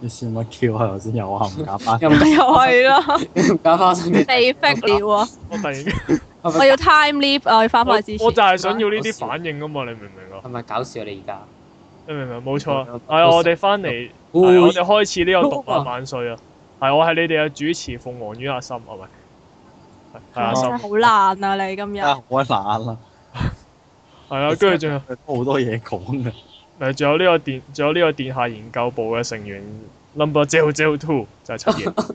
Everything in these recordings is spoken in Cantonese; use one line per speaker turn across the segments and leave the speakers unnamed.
你笑乜 Q？係我先有啊？又咪又係啦？又咪又係啦？
四 effect 啊！
我突然我要
time leap 啊！翻返之
前我就係想要呢啲反應啊嘛，你明唔明啊？係咪搞笑你而家？你明唔明？冇錯啊！係啊！我哋翻嚟我哋開始呢個動漫萬歲啊！係我係你哋嘅主持鳳凰與阿心啊？唔係阿心。
好難啊！你今日啊，
好難啊！係啊跟住仲有好多嘢講嘅仲有呢個仲有呢個殿下研究部嘅成員 number zero zero two 就係七爺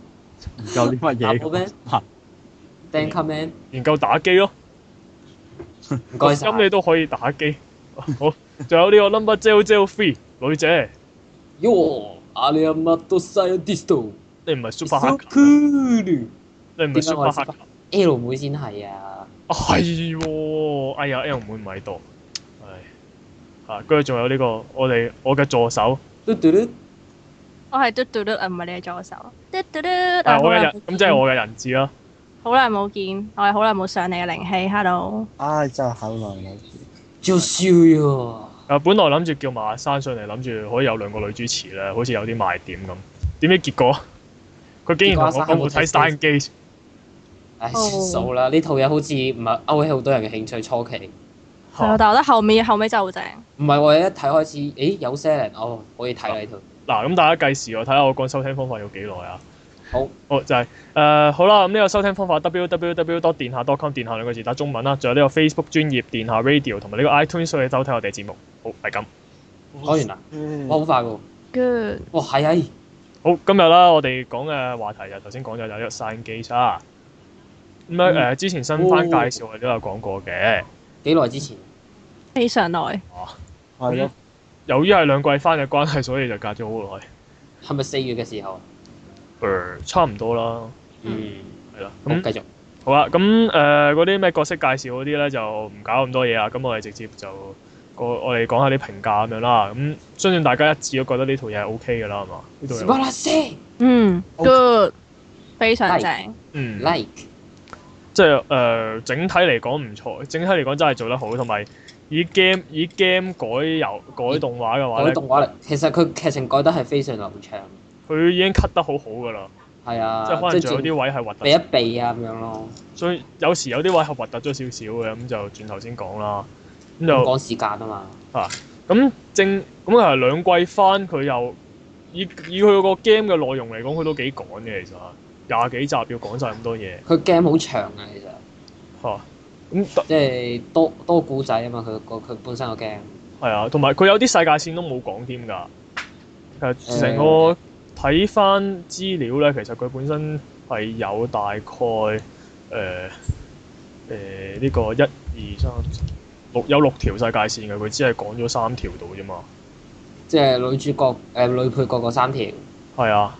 研究啲乜嘢吓 then come in 研究打機咯唔該晒咁你都可以打機好仲有呢個 number zero zero three 女仔喲阿里阿媽都 size distal 你唔係 super 黑客你唔係 super 黑客 l 妹先係啊係喎、哎，哎呀，L 妹唔喺度，係、欸，嚇，跟住仲有呢、呢個我哋我嘅助手，嘟嘟，嘟嘟嘟，
我係嘟嘟嘟唔係你嘅助手，嘟嘟嘟，我嘅、嗯、人，咁即係
我嘅人質咯。
好耐冇見，啊、我係好耐冇上你嘅靈氣、啊，hello。
唉、啊，真係好耐冇見，招笑喎。啊，本來諗住叫馬鞍山上嚟，諗住可以有兩個女主持咧，好似有啲賣點
咁。點解？結果，佢竟然同我講冇睇《s t a n d 唉，算數啦！呢、oh. 套嘢好似唔係勾起好多人嘅興趣初期，啊、
但係我覺得後面後尾真係好正。
唔係我一睇，開始，誒有些人哦可以睇呢套。嗱，咁大家計時
我睇下我講收聽方法要幾耐啊！好，好就係、是、誒、呃、好啦！咁呢個收聽方法 www 點電下點 com 電下兩個字打中文啦，仲有呢個 Facebook 專頁電下 Radio 同埋呢個 iTunes 都可以收睇我哋嘅節目。好係咁。講完啦！我好快㗎！嘅哇係啊！好，今日啦，我哋講嘅話題就頭先講就係 The Sunshine 咁咧之前新番介
紹我都有講過嘅。幾耐之前？非常
耐。啊，係咯。由於係兩季翻嘅關係，所以就隔咗好耐。係咪四月嘅時候啊？差唔多啦。嗯。係啦。咁繼續。好啦，咁誒嗰啲咩角色介紹嗰啲咧，就唔搞咁多嘢啊。咁我哋直接就個我哋講下啲評價咁樣啦。咁相信大家一致都覺得呢套嘢係 OK 嘅啦，係嘛？呢度嗯
，good，非常正。嗯，like。
即係誒、呃，整體嚟講唔錯，整體嚟講真係做得好，同埋以 game 以
game 改遊改動畫嘅話咧，改動畫其實佢劇情改得係非常流暢，
佢已經 cut 得好好㗎啦。係
啊，即係可能仲有啲位係核突避一避啊咁樣咯。
所以有時有啲位係核突咗少少嘅，咁就轉頭先講啦。咁就趕時間啊嘛。係啊，咁正咁啊兩季翻佢又以以佢個 game 嘅內容嚟講，佢都幾趕嘅其實。廿幾集要講晒咁多嘢，
佢 game 好長啊，其實嚇，
咁、啊、即係多多故仔啊嘛，佢個佢本身個 game 係啊，同埋佢有啲世界線都冇講添㗎，其實成個睇翻、嗯、資料咧，其實佢本身係有大概誒誒呢個一二三六有六條世界線㗎，佢只係講咗三條到啫嘛，
即係女主角誒、呃、女配角嗰三條係啊。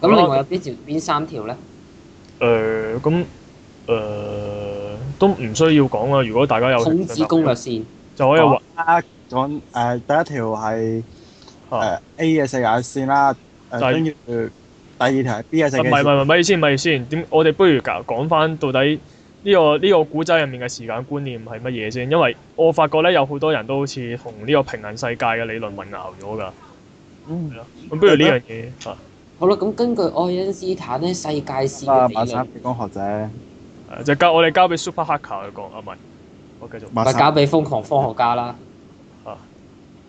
咁另外有
邊條邊三條咧？誒咁誒都唔需要講啦。如果大家有孔子攻略
線，
就可以話誒第一條係誒、呃、A 嘅世界線啦、就係呃。第二條係 B 嘅世界線。唔係唔係
唔係，先唔係先。點我哋不如講講翻到底呢、呢個呢、呢個古仔入面嘅時間觀念係乜嘢先？因為我發覺咧有好多人都好似同呢個平行世界嘅理論混淆咗㗎。嗯。
咁吧不如呢樣嘢啊？好啦，咁根據愛因斯坦咧，世界線嘅理論。啊，馬生，你講學
就交我哋交俾 Super Hacker 去講啊，唔係，我繼續。咪交俾瘋
狂科學家啦。嚇、啊。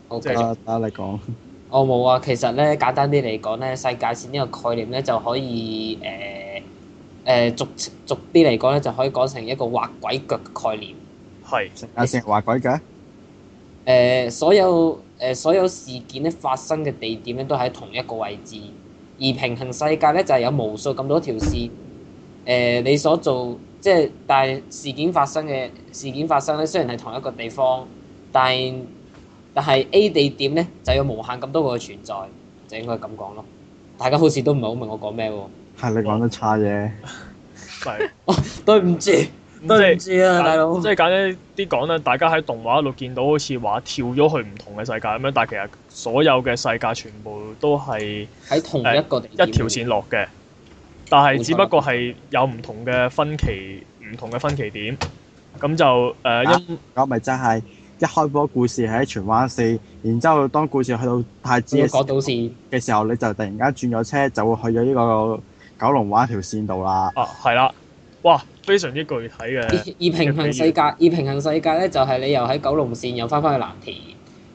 O K，得你講。我冇、哦、啊，其實咧，簡單啲嚟講咧，世界線呢個概念咧，就可以誒誒、呃呃、逐逐啲嚟講咧，就可以講成一個畫鬼腳嘅概念。係世
界線畫鬼腳。
誒、呃，所有誒所有事件咧發生嘅地點咧，都喺同一個位置。而平衡世界咧就係、是、有無數咁多條線，誒、呃、你所做即係，但係事件發生嘅事件發生咧，雖然係同一個地方，但但係 A 地點咧就有無限咁多個嘅存在，就應該咁講咯。大家好似都唔係好明我講咩喎？
係你講得差啫，
係哦， 對唔住。唔知啊，大佬！即係簡單啲講咧，大家喺動畫
一路見到好似話跳咗去唔同嘅世界咁樣，但係其實所有嘅世界全部都係喺同一個地、呃、一條線落嘅，但係只不過係有唔同嘅分歧，唔、嗯、同嘅分歧點。咁就誒、呃啊、因
咁咪就係一開波故事喺荃灣四，然之後當故事去到太子嘅時候，就時候你就突然間轉咗車，就會去咗呢個九龍灣條線度啦。
哦、啊，係、啊、啦。啊哇，非常之具體嘅。而平行世界，而平行世界咧，就係、是、你又喺九龍線，又翻返去藍田，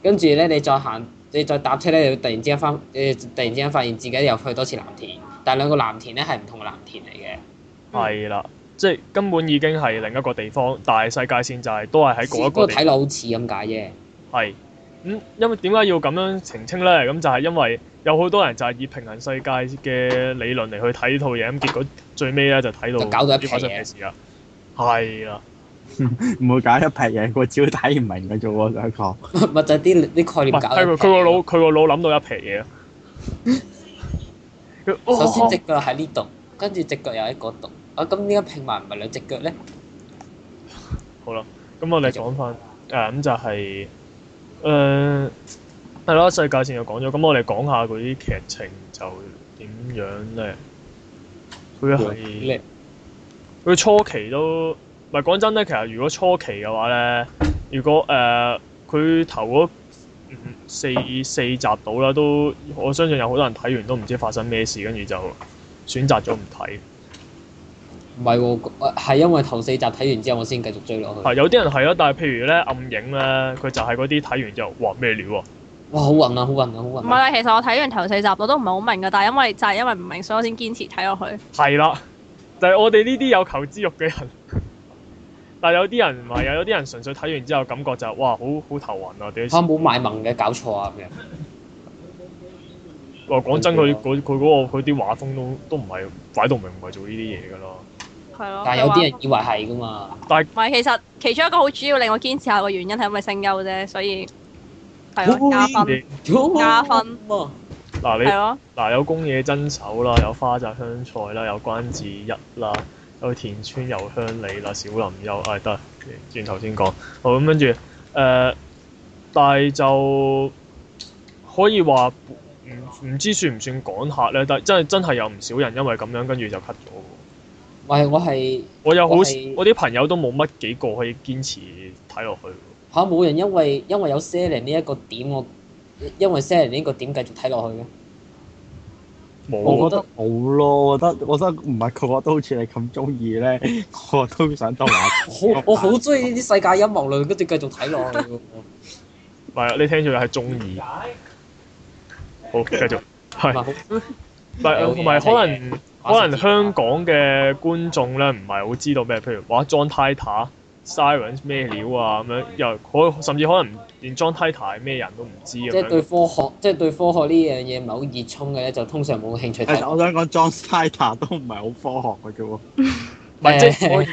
跟住咧，你再行，你再搭車咧，又突然之間翻，誒、呃，突然之間發現自己又去多次藍田，但兩個藍田咧係唔同嘅藍田嚟嘅。係啦、嗯，即係、
就是、根本已經係另一個地方，大世界線就係都係喺嗰一個。不過睇落好
似咁解啫。
係，嗯，因為點解要咁樣澄清咧？咁就係、是、因為。有好多人就係以平行世界嘅理論嚟去睇套嘢，咁結果最尾咧就睇到就搞到一皮嘢。係啊，
唔會 搞一皮嘢，我只睇唔明嘅啫喎，就係、是、講。
或者啲啲概念搞佢個腦佢個腦諗到一皮嘢。 首先隻腳喺呢度，跟住隻腳又喺嗰度。啊，咁點解拼埋唔係兩隻腳咧？好啦，
咁我哋講返誒，咁續、嗯、就係、是、誒。呃係咯，世界線又講咗。咁、嗯、我哋講下佢啲劇情就點樣咧？佢係佢初期都唔係講真咧。其實如果初期嘅話咧，如果誒佢、呃、頭嗰五四四集到啦，都我相信有好多人睇完都唔知發生咩事，跟住就選擇咗唔睇。唔係喎，係、呃、因為頭四集睇完，完之後，我先繼續追落去。有啲人係咯，但係譬如咧暗影咧，佢就係嗰啲睇完之後就哇咩料啊！哇，好暈啊，好暈啊，好暈、啊！唔係啊，
其實我睇完頭四集我都唔係好明噶，但係因為就係、是、因為唔明，所以我先堅持睇落去。
係啦，就係、是、我哋呢啲有求知欲嘅人。 但係有啲人唔係，有啲人純粹睇完之後感覺就是、哇，好好，好頭暈啊！點？吓冇賣萌
嘅，搞錯啊！咁樣。 了那個、
話講真，佢佢嗰個佢啲畫風都都唔係擺到明，明，唔係做呢啲嘢噶咯。係
咯。但係有啲人
以為係噶嘛。但係。
唔係，其實其中一個好主要令我堅持下嘅原因係因為聲優啫，所以。
係啦，加
分，哦、加分。嗱、啊、你嗱、哦啊、有宮野真守啦，有花澤香菜啦，有關智一啦，有田村由香里啦，小林優，唉、哎，得，轉頭先講。好，咁跟住誒，但係就可以話唔唔知算唔算趕客咧？但係真係真係有唔少人因為咁樣跟住就 cut 咗。唔
係我係，我有好，我啲是朋友都冇乜幾個可以堅持睇落去。嚇！冇、啊、人因為因為有 Sailing 呢一個點，我因為 Sailing 呢個點繼續睇落去嘅。
冇。我覺得好咯，我覺得我覺得唔係個個都好似你咁中意
咧，我都想 down 下。
我好中意呢啲世界音樂咧，跟住繼續睇落去。
唔係，你聽住係中意。好，繼續。係。唔係，同埋可能、嗯、可能香港嘅觀眾咧，唔係好不不知道咩？譬如話 John Taylor s i r e n 咩料啊，咁樣，又可甚至可能連 John Titor 係咩人都唔
知啊。即係對科學，即係對科學呢樣嘢唔係好熱衷嘅咧，就通常冇興趣睇。係，我想講 John Titor 都唔係好科學嘅啫喎。唔係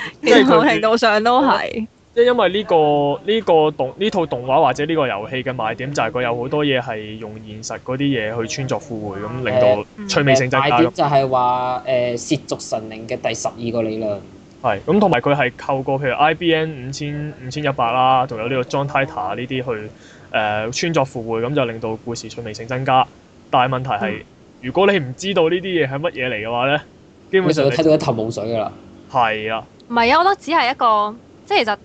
即係程
度上都係。
即係 因為呢、呢個呢、 呢個動呢
套動畫或者呢個遊戲嘅賣點就係佢有好多嘢係用現實嗰啲嘢去穿鑿附會，咁令到趣味性，性大、嗯嗯、就大。就係
話誒，涉足神靈嘅第十二個理
論。係，咁同埋佢係透過譬如 IBM 五千五千一百啦，仲有呢個 John Titor 呢啲去誒、呃、穿鑿附會，咁就令到故事趣味性增加。但係問題係，嗯、如果你唔知道呢啲嘢係乜嘢嚟嘅話咧，基本上你睇到一頭霧水㗎啦。係啊，
唔係啊，我覺得只係一個，即係其實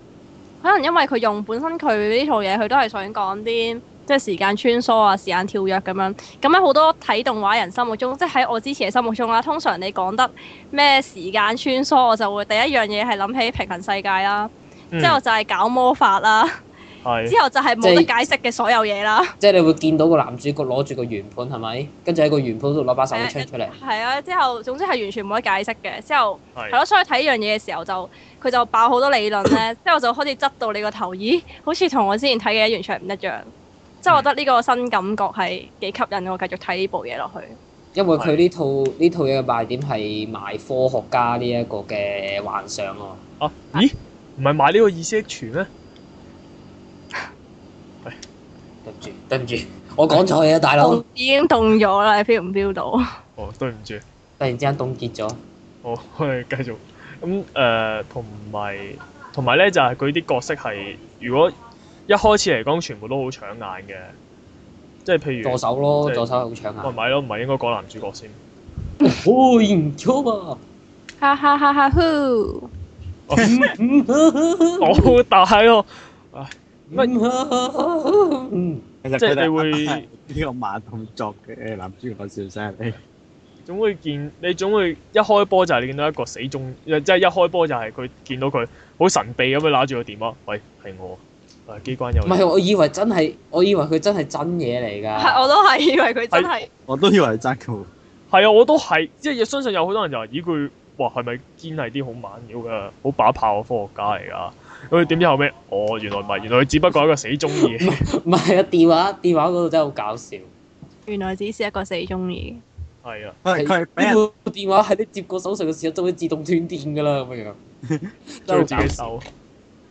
可能因為佢用本身佢呢套嘢，佢都係想講啲。即係時間穿梭啊，時間跳躍咁樣。咁喺好多睇動畫人心目中，即係喺我之前嘅心目中啦。通常你講得咩時間穿梭，我就會第一樣嘢係諗起《平行世界》啦、嗯。
之後就
係搞魔法啦。嗯、
之後就係冇得解
釋嘅所有嘢啦。
就是、 即係你會見到個男主角攞住個圓盤係咪？跟住喺個圓盤度攞把手槍出嚟。
係、嗯嗯、啊，之後總之係完全冇得解釋嘅。之後係咯、嗯，所以睇呢樣嘢嘅時候就佢就爆好多理論咧。嗯、之後就開始執到你個頭，咦？好似同我之前睇嘅完全唔一樣。即係我覺得呢個新感覺係幾吸引，我繼續睇呢部嘢落去。
因為佢呢套呢套嘢嘅賣點係賣科學家呢一個嘅幻想喎。哦、啊，咦？唔係賣呢個意識傳咩？對唔住，對唔住，我講錯嘢，大佬！
已經凍咗啦，你 feel 唔 feel 到？哦，對
唔住，突然之間凍結咗。好、哦，我哋繼續。咁、
嗯、誒，同埋同埋咧，就係佢啲角色係如果。一開始嚟講，全部都好搶眼嘅，即係譬如助手咯，助是手好搶眼。唔係咯，唔係應該講男主角先。
好唔
好啊？
哈哈哈！哈好
哦，嗯哼，但係喎，唔哼哼哼！嗯，
即係你會呢個慢動作嘅男主角笑聲嚟，
總會見你總會一開波就係你見到一個死忠，即、就、係、是、一開波就係佢見到佢好神秘咁樣揦住個電話，喂，係我。機關又唔係，我
以為真係，我以為佢真係真嘢嚟㗎。我都係以為佢真係。我都以
為
係真㗎。係啊，我都係，即係相信有好多人就話，咦，佢哇，係咪堅係啲好猛料㗎？好把炮嘅科學家嚟㗎？咁佢點知後尾？哦，原來唔係，原來佢只不過係一個死
忠意。唔係 啊，電話電話嗰度真係好搞笑。
原來只是一個死忠意。係
啊，因為佢電話喺你接過手術嘅時候就會自動斷電㗎啦，咁嘅樣。自己手。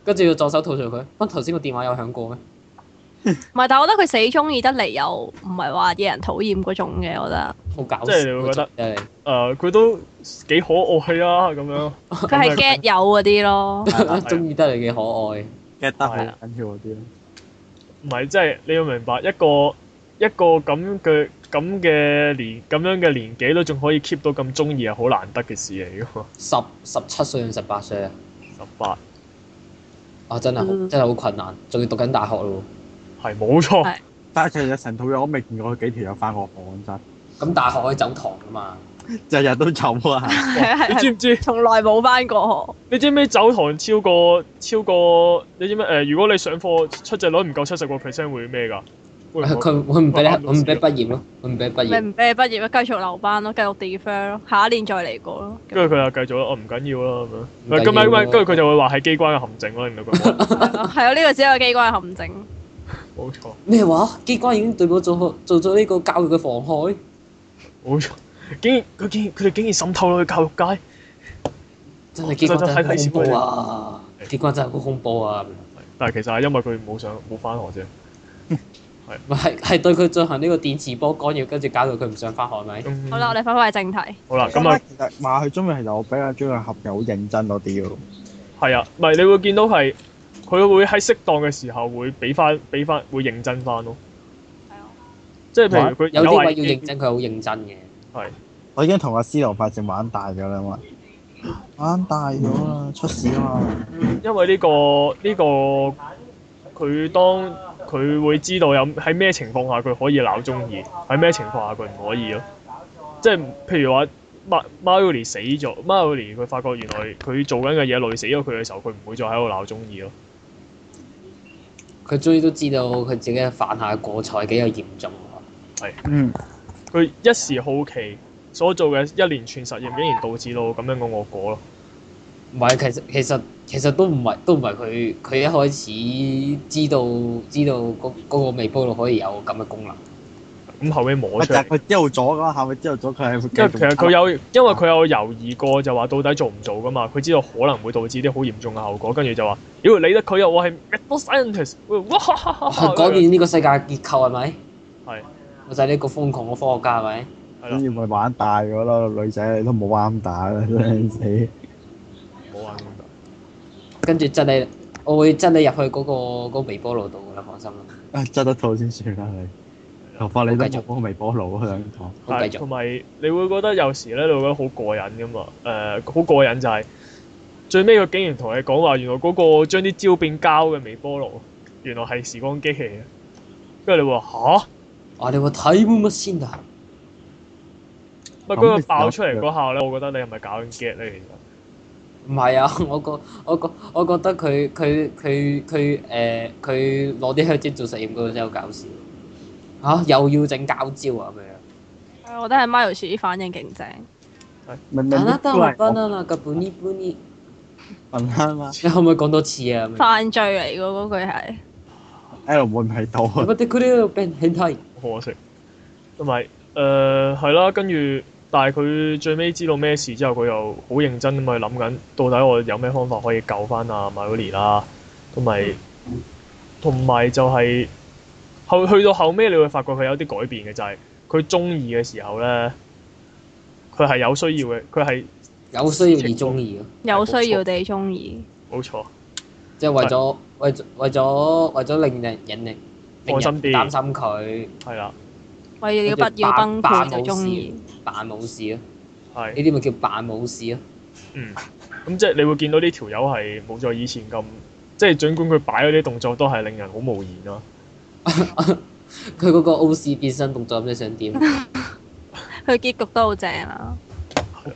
跟住要助手吐槽佢，不頭先個電話有響過咩？
唔係， 但係我覺得佢死中意得嚟，又唔係話有人討厭嗰種嘅，我覺得。
好搞笑，即係你會覺得誒，誒佢、啊、都幾可愛啊咁樣。佢係 get 友嗰啲咯。中意得嚟幾可愛，get、
啊啊、 得嚟緊要嗰啲
咯。唔係，即係、就是、你要明白一個一個咁嘅咁嘅年咁樣嘅年紀都仲可以 keep 到咁中意係好難得嘅事嚟嘅。十十七歲定十八歲啊？十八。我真係好，真係好、嗯、困難，仲要讀緊大學
咯喎。係，冇錯。是但係其實成套嘢我未見過佢幾條友返學，真。
咁大學可以走堂㗎嘛？日
日 都走啊！ 哇 你
知唔知？ 從來冇返過
學。你知唔知走堂超過超過？你知唔知誒、呃？如果你上課出席率唔夠七十個 percent 會咩㗎？佢佢唔俾你，佢唔俾你畢業咯，我唔俾你畢業。唔
俾你畢業咯，繼續留班咯，繼續 defer 咯，下一年再嚟過咯。
跟住佢又繼續咯，唔緊要啦咁樣。跟住佢就會話係機關嘅陷阱咯，你唔
覺得？係啊，呢個只有機關嘅陷阱。
冇
錯。
咩話？機關已經對我做做咗呢個教育嘅妨害。冇錯。竟然佢竟然佢哋竟然滲透落去教育界。真係機關真係好恐怖啊！機關真係好恐怖啊！但係其實係因為佢冇上冇翻學啫。係，係對佢進行呢個電磁波干擾，跟住搞到佢唔想翻學，係咪？嗯、好啦，
我哋翻返去正題。好啦，咁啊，
馬佢中意，其實我比較中意合友好認真嗰啲咯。係啊，唔
係你會見到係佢會喺適當嘅時候會俾翻俾翻會認真翻咯。係啊。即係譬如佢有啲話要認真，佢好認真嘅。
係、啊。我已經同阿 C 羅發正玩大噶啦嘛，玩大咗啦，出事啊嘛、嗯。
因為呢個、呢個佢當。啊佢會知道有喺咩情況下佢可以鬧中二，喺咩情況下佢唔可以咯。即係譬如話，馬馬修尼死咗，馬修尼佢發覺原來佢做緊嘅嘢累死咗佢嘅時候，佢唔會再喺度鬧中二咯。佢終於都知道佢自己犯下過錯幾有嚴重。係是，嗯，佢一時好奇所做嘅一連串實驗，竟然導致到咁樣嘅惡果咯。
唔係，其實其實其實都唔係都唔係佢，佢一開始知道知道嗰嗰個嗰個微波爐可以有咁嘅功能，咁後尾摸咗，佢之後咗
㗎
嘛？後尾知道咗，佢係因為其實佢有，因為佢有猶豫過，就話到底做唔做㗎嘛？佢知道可能會導致啲好嚴重嘅後果，跟住就話：如果理得佢又我係 medical scientist，
改變呢個世界結構係咪？係。就係呢個瘋狂嘅科學家係咪？
跟住咪玩大咗咯，女仔都冇啱打啦，靚死！
跟住真係，我會真你入去嗰、嗰個微波爐度噶啦，放心
啦。啊， 執得到先算啦你，頭髮你都放微波爐響台。係同
埋你會覺得有時咧，你會覺得好過癮㗎嘛。誒、呃，好過癮就係、是、最尾佢竟然同你講話，原來嗰個將啲焦變膠嘅微波爐，原來係時光機器啊！跟住你話吓？啊
你話睇乜先啊？不、那、嗰、個、爆出嚟嗰
下咧，我覺得你係咪搞緊 get 咧？其實。
唔係啊！我覺我覺我覺得佢佢佢佢誒佢攞啲香蕉做實驗嗰個真係好搞笑。嚇！又要整詐招啊！咁樣。
我覺得係 Mario 反應勁正。
係。等等。得我分啊啦！嗰半呢半呢。問下啊嘛？你可唔可以講多次啊？
犯罪嚟㗎嗰句係。L
妹唔係刀。我哋嗰啲 b a n 可惜。唔係，誒係啦，跟住。但係佢最尾知道咩事之後，佢又好認真咁去諗緊，到底我有咩方法可以救翻啊 Marley 啦，同埋同埋就係、係、後去到後尾，你會發覺佢有啲改變嘅，就係佢中意嘅時候
咧，佢係有需要嘅，佢係有需要而中意有需要地
中意，
冇錯，即係為咗為咗為咗為咗令人引人令人擔心佢，係啊。
為要不要崩潰就中
意扮無事啊？係呢啲咪叫扮無事啊？嗯，咁即係
你會見到呢條友係冇咗以前咁，即係儘管佢擺嗰啲動作都係令人好無言
咯、啊。佢嗰 個 O.C. 變身動作咁你想點？
佢 結局都好正啊！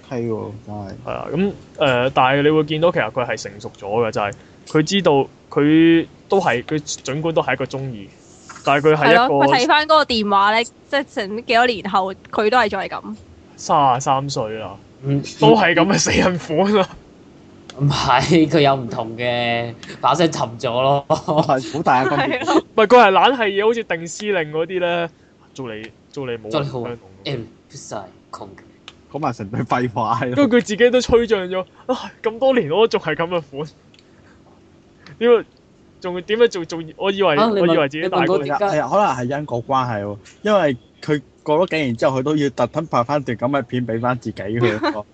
係喎、okay，真係係啊！咁、呃、誒，但係你
會見到其實佢係成熟咗嘅，就係、是、佢知道佢都係佢儘管都係一個中二。但係佢係一個，佢睇
翻嗰個電話咧，即係成幾多年後，佢都係再咁。
三啊三歲啦，嗯，都係咁嘅死人款 啊，唔係了，佢有唔同嘅把聲沉咗咯，好大個
咪佢係懶係嘢，好似定司令嗰啲咧，做你，做你冇。咁
咪成堆廢話咯，跟住
佢自己都吹脹咗，咁、啊、多年我仲係咁嘅款，點啊？仲點樣做？做我以為我以為自己大家，點解？可
能係因果關係喎，因為佢過咗幾年之後，佢都要特登拍翻段咁嘅片俾翻自己
嘅。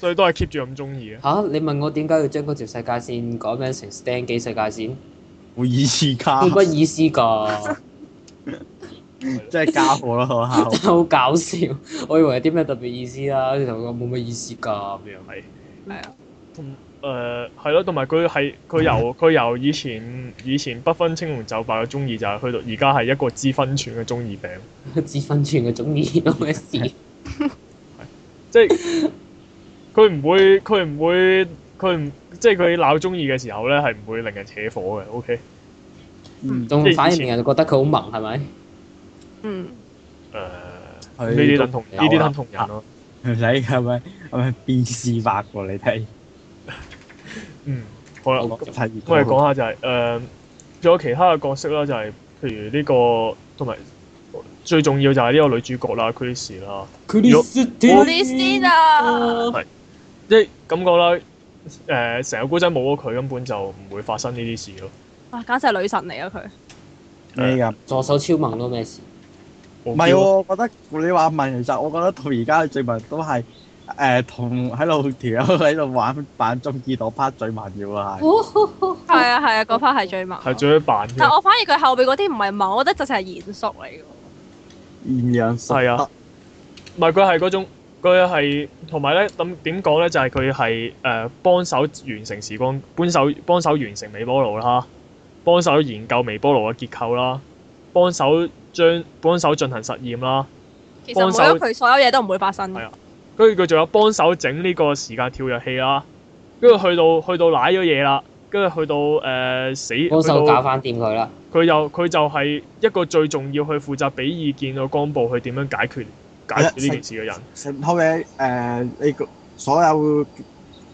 所以都係 keep 住咁中意啊！你問我點解要將嗰條世界線改名成 Stan 記世界線？
冇意思㗎，冇乜
意思㗎， 即係加貨咯，學校好 搞笑，我以為有啲咩特別意思啦，你同佢講冇乜意思㗎咁樣係，係啊。
誒係咯，同埋佢係佢由佢由以前以前不分青紅皂白嘅中二，就係去到而家係一個知分寸嘅中二病。
知分寸嘅中二。咁
嘅事。即係佢唔會，佢唔會，佢唔即係佢鬧中二嘅時候咧，係唔會令人扯火嘅。O，K。嗯，
仲反而令人覺得佢好萌係咪？嗯、呃。誒、啊。呢啲等同人。呢啲等同人咯。唔使嘅，咪咪變四百個你睇。
嗯，好啦，我哋講下就係誒，仲有其他嘅角色啦，就係譬如呢個同埋最重要就係呢個女主角啦 Chris 啦，Chris，Chris 啊，係即係感覺啦，誒，成個古仔冇咗佢根本就唔會發生呢啲事咯。啊，
簡直係女神嚟啊佢，
係啊，左手超萌咯，咩事？唔係喎，
覺得你話問其實我覺得到而家嘅證明都係。誒、呃、同喺度條友喺度玩扮中意到 part 最慢要
嘅係，啊係 啊，嗰 part 係最慢，係
最鬼扮，但我
反而佢後邊嗰啲唔係麻，我覺得就成賢叔嚟嘅。
賢養叔係啊，唔係佢，係嗰種佢，係同埋咧，咁點講咧？就係佢係誒幫手完成時光幫手幫手完成微波爐啦，幫手研究微波爐嘅結構啦，幫手將幫手進行實驗啦，幫手，其實唔覺得
佢所有嘢都唔會發生。
跟住佢仲有幫手整呢個時間跳躍器啦，跟住去到去到瀨咗嘢啦，跟住去到誒、呃、死，幫手公主 到搞翻掂佢啦。佢又佢就係一個最重要去負責俾意見個幹部，去點樣解決解決呢件事嘅人，
啊。後尾誒、呃，你所有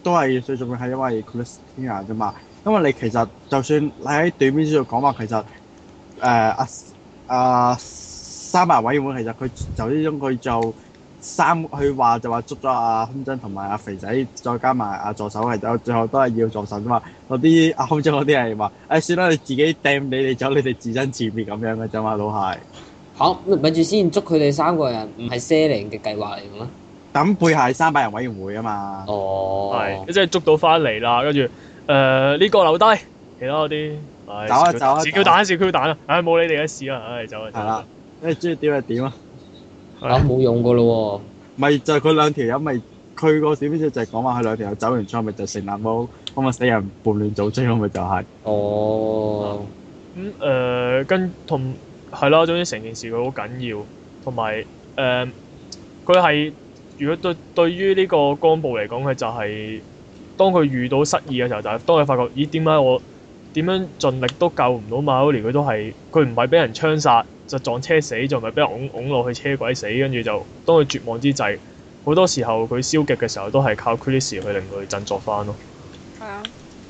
都係最重要係因為 Cristina 啫嘛，因為你其實就算你喺短片之中講話，其實誒阿阿三亞委員會其實佢就呢種佢就。三佢話就話捉咗阿空真同埋阿肥仔，再加埋阿助手，係最最後都係要助手啫嘛。嗰啲阿空真嗰啲係話，誒算啦，你自己掟你哋走，你哋自生自滅咁樣嘅啫嘛，老蟹。好，跟住先捉佢哋三個人，唔係瀉零嘅計劃嚟嘅咩？等背後三百人委員會啊嘛。
哦。係。即係捉到翻嚟啦，跟住誒呢個留低，其他嗰啲走啊走啊叫彈是 Q 彈啊，誒冇你哋嘅事啦，誒走啊。係啦。你中意點就點啊！冇、啊、
用噶咯喎，咪 就係、是、佢兩條友咪佢個小編輯就係講話佢兩條友走完之後咪就是、成男巫，咁咪死人叛亂組織，咁咪就係、是。哦。
咁誒、嗯呃、跟同係咯，總之成件事佢好緊要，同埋誒佢係如果對對於呢個幹部嚟講，佢就係當佢遇到失意嘅時候，就係、是、當佢發覺咦點解我點樣盡力都救唔到馬歐尼，佢都係佢唔係俾人槍殺。就撞車死，仲唔係俾人擁擁落去車軌死？跟住就當佢絕望之際，好多時候佢消極嘅時候，都係靠 Chris 去令佢振作翻咯。係啊。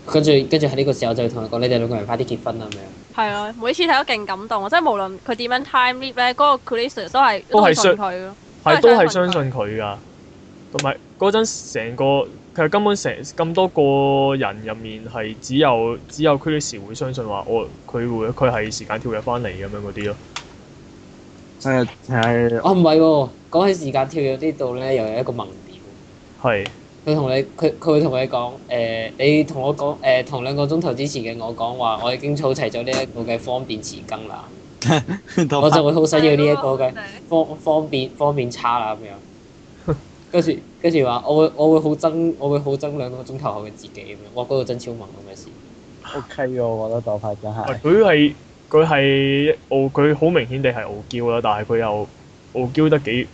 跟
住跟住喺呢個時候就同佢講：你哋兩個人快啲結婚啊，咁
樣。係啊！每次睇都勁感動啊！即係無論佢點樣 time leap 咧，嗰個 Chris 都係都信
佢咯，都係相信佢噶。同埋嗰陣成個其實根本成咁多個人入面係只有只有 Chris 會相信話我佢會佢係
時間跳躍翻嚟咁樣嗰啲咯。係，我唔係喎。講起時間跳到呢度咧，又有一個盲點。係是。佢同你，佢佢會同你講，誒、欸，你同我講，誒、欸，同兩個鐘頭之前嘅我講話，我已經儲齊咗呢一個嘅方便匙羹啦。 道法 我就會好想要呢一個嘅方方便 方便叉啦咁樣。跟住跟住話，我會我會好憎我會好憎兩個鐘頭後嘅自己咁樣。Okay，我覺得真超萌咁嘅事。O K 喎，我覺得就係真係。
佢係。佢係傲，佢好、哦、明顯地係傲嬌啦，但係佢又傲嬌得幾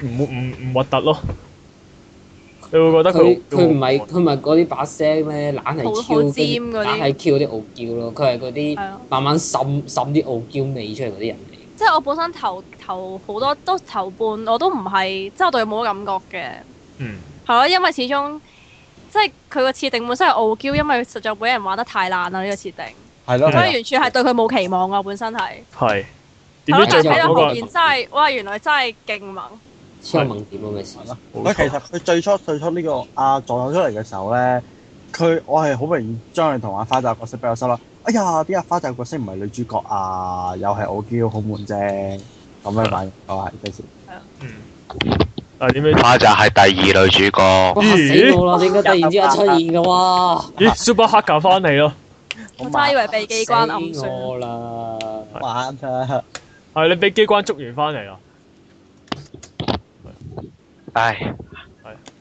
唔唔唔核突咯。你會覺得佢佢唔係佢咪嗰啲把聲咩，懶係超尖啲，係 Q 啲傲嬌咯，佢係嗰啲慢慢滲滲啲傲嬌味出嚟嗰啲人
嚟。即係我本身頭頭好多都頭半我都唔係，即係我對佢冇乜感覺嘅。
嗯。
係咯，因為始終即係佢個設定本身係傲嬌，因為實在俾人玩得太爛啦呢個設定。所以完全係對佢冇期望啊。本身係。
係。點解最近喺個畫面
真係，哇！原來真係勁猛。
超猛點啊！咪死咯～其實佢最初最初呢個阿助友出嚟嘅時候咧，佢我係好容易將佢同阿花澤角色比較失啦。哎呀，邊個花澤角色唔係女主角啊？又係我叫好悶啫。咁樣反應，好啊，費事。
係啊。嗯。啊，點咩？花澤係第二女主角。死到啦！
點解突然
之間出現嘅哇？咦，Super Hacker 翻嚟咯！我真係以為被機關暗算啦！玩啊！係你被機關捉完翻嚟啊！
唉，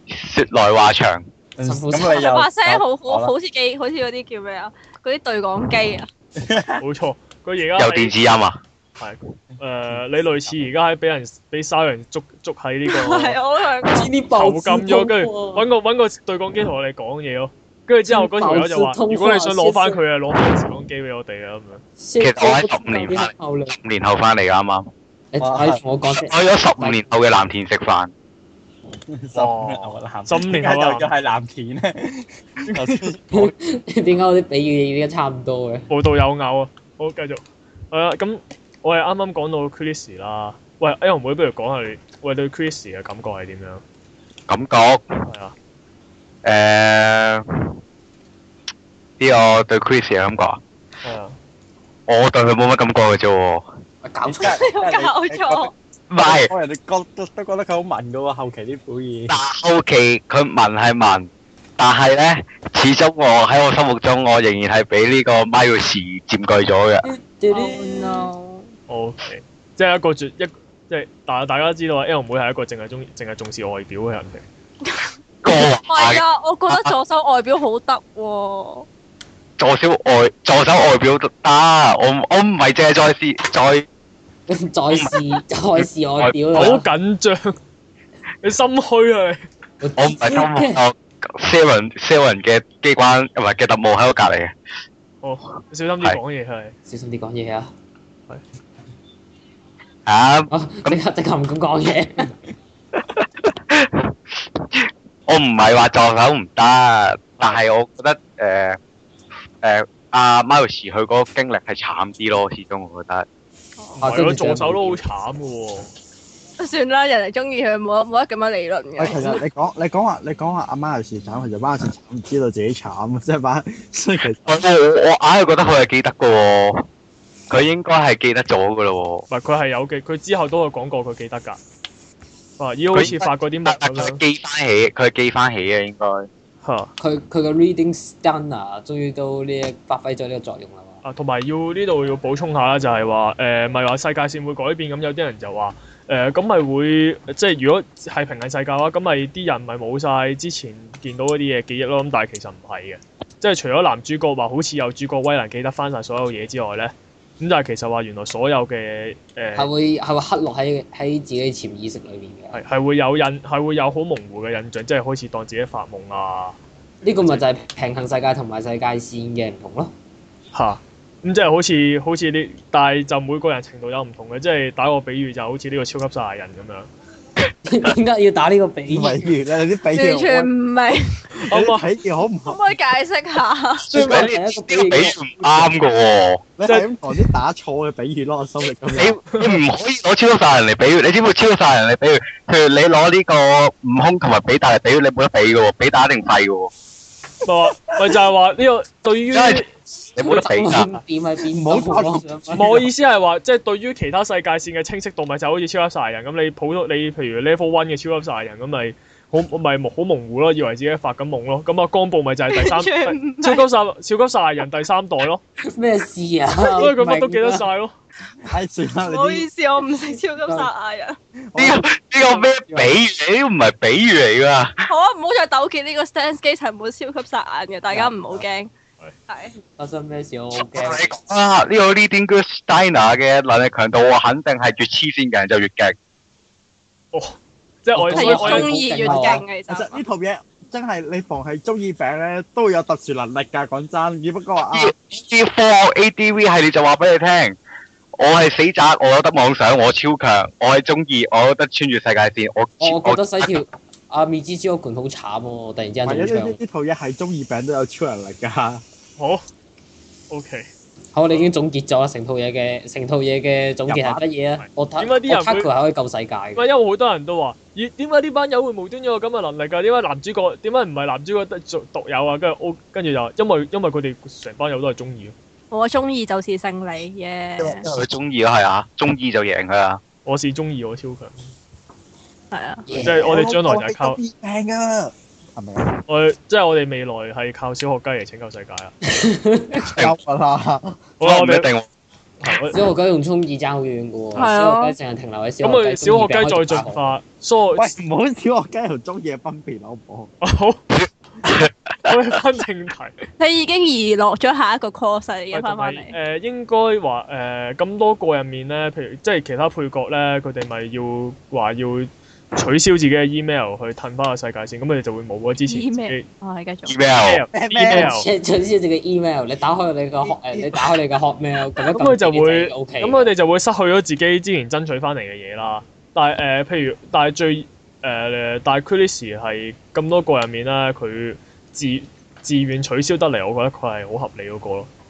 説來話長。咁
你又話聲好好好似
記好似嗰啲叫咩啊？嗰啲對講機
啊！冇錯，
佢而家有電子音啊！係
誒，你類似而家喺俾人俾三個人捉捉喺呢個係啊！我係囚禁咗，跟住揾個揾個對講機同我哋講嘢咯。跟住之後嗰時我就話：如果你想攞翻佢啊，攞翻台時光機俾我哋啊咁樣。其實我喺十
五年後，十五年後翻嚟嘅啱啱。我講先，去咗十五年後嘅藍田食飯。
十五年後，藍田又再係藍田咧。點解我啲比喻而家差唔多嘅？報道有誤啊！好，
繼續。係啊，咁我係啱啱講到 Chris 啦。喂，Aaron 妹，不如講佢，我喂對 Chris 嘅感覺係點樣？
感覺
係啊。.
誒，啲我對 Chris 嘅感覺，我對佢冇乜感覺嘅啫。
搞錯，搞錯，唔係，我人哋覺都覺得佢好文噶喎。後期啲表演。但
後期佢文係文，但係咧，始終我喺我心目中，我仍然係俾呢個 Michael 佔據咗
嘅。OK 即係一個絕一，即係但係大家知道 l 妹係一個淨係中意淨係重視外表嘅人嚟。
唔係、oh、啊！我覺得助手外表好得喎。
助手外助手 試 外表得，我我唔係淨係再試再再試再試外表。好緊張，你心虛啊！ 我唔係心虛，seven
seven 嘅機關唔係嘅特務喺我隔籬嘅。哦
，oh, 小心啲講嘢，係是是小心啲講嘢啊！係。啊！你即刻即刻唔敢講嘢。 我唔係話助手唔得，
但係我覺得誒誒阿馬魯斯佢嗰個經歷係慘啲咯，始終我覺得。
係咯、啊，助手都好慘嘅喎。
算啦，人哋中意佢冇冇得咁樣理論嘅。其實你
講你講話你講話阿馬魯斯慘，其實馬魯斯唔知道自己慘啊，即係把。
不過 我我硬係覺得佢係記得嘅喎，佢應該係記得咗嘅咯喎，佢係 有記，佢之後都有講過佢記得㗎。
啊、好似發過啲乜咁樣，記翻起，佢係記翻起嘅應該。
嚇！佢佢嘅 Reading Steiner 啊，終於都呢發揮咗呢個作用啦。啊，同埋要
呢度要補充下啦，就係話誒，咪話世界線會改變咁，有啲人就話誒，咁、呃、咪會即係如果係平行世界嘅話，咁咪啲人咪冇晒之前見到嗰啲嘢記憶咯。咁但係其實唔係嘅，即係除咗男主角話好似有主角威能記得翻晒所有嘢之外咧。咁但係其實話原來所有嘅誒，係會
係會刻落喺喺自己潛意識裏
邊嘅，係係會有印係會有好模糊嘅印象，即係開始當自己發夢啦、啊。呢個咪就係平行世界同埋世界線嘅唔同咯。吓、啊？咁即係好似好似呢，但係就每個人程度有唔同嘅，即係打個比喻就好似呢個超級殺人咁樣。
點解 要打呢個比喻？ 比啲完全唔係可唔可， 可，可
以解釋下？呢 個
比唔啱㗎喎，即咁同
啲打錯嘅比喻囉，收力咁
樣。 你你唔可以攞超殺人嚟比喻，你只會超殺人嚟比喻。譬如你攞呢個悟空同埋比達嚟比喻，你冇得比㗎喎，比達定廢㗎喎。
咪 就係話呢個對於。冇
得睇點係點。唔好意
思係話，即、就、係、係、對於其他世界線嘅清晰度咪就好似超級殺人咁。你普通你譬如 level one 嘅超級殺人咁咪好咪好模糊咯，以為自己發緊夢咯。咁啊江布咪就係第三不超級殺超,級超級殺人第三代咯。咩事啊？不啊因為佢乜都記得曬咯。唔 好意
思，我唔
識超級殺人。呢呢個咩比喻？呢唔係比喻嚟㗎。好
啊，唔好再糾結呢、呢個 Stand 機係唔會超級殺眼嘅，大家唔好驚。
係發
生咩事？我驚啊！呢、這個 leading good Steiner 嘅能力強度，我肯定係越黐線嘅人就越勁。哦，即
係我係我中意
越勁。其實呢套嘢真係你逢係中二病咧，都有特殊能力噶。講真，只不過
Four ADV 係，AD v，你就話俾你聽。我係死宅，我有得妄想，我超強，我係中二，我有得穿越世界線。我我覺得西條
阿未知 Joan 好慘哦！我突然之間就唱。呢套嘢係中二病都有超能力噶。好，OK。好，我、OK，哋好、嗯、已經總結咗成套嘢嘅，成套嘢嘅總結係乜嘢咧？我點解啲人佢係可以救世界？唔
因為好會多人都話，咦？點解呢班友會無端有咁嘅能力噶、啊？點解男主角點解唔係男主角獨獨有啊？跟住 O，跟住就因為因為佢哋成班友都係中意。
我中意就是勝利，耶！佢
中意啊，係啊，中意就贏佢啊！我是中意，我超強。
係啊，即係我哋將來就係靠。
我即係我哋未來係靠小學雞嚟拯救世界啊！
急好啦，我哋定小學雞用中二爭好遠嘅喎。啊，小學雞成日停留喺小學雞。咁我小學雞再進化。
疏喂，唔好小學雞同中二嘅分別啦，好唔好？
好，回翻正題。
你已經移落咗下一個 course 嚟嘅，係
咪？誒應該話誒咁多個入面咧，譬如即係其他配角咧，佢哋咪要話要。取消自己嘅 email 去褪翻個世界線，咁佢哋就會冇咗之前 email。我取消自己嘅 email， 你打開你個 h o
你打開你個 hotmail。咁佢 就會，咁
佢哋就會失去咗自己之前爭取翻嚟嘅嘢啦。但係誒、呃，譬如但係最誒，但係 Chris 係咁多個入面啦，佢自自願取消得嚟，我覺得佢係好合理嗰個咯。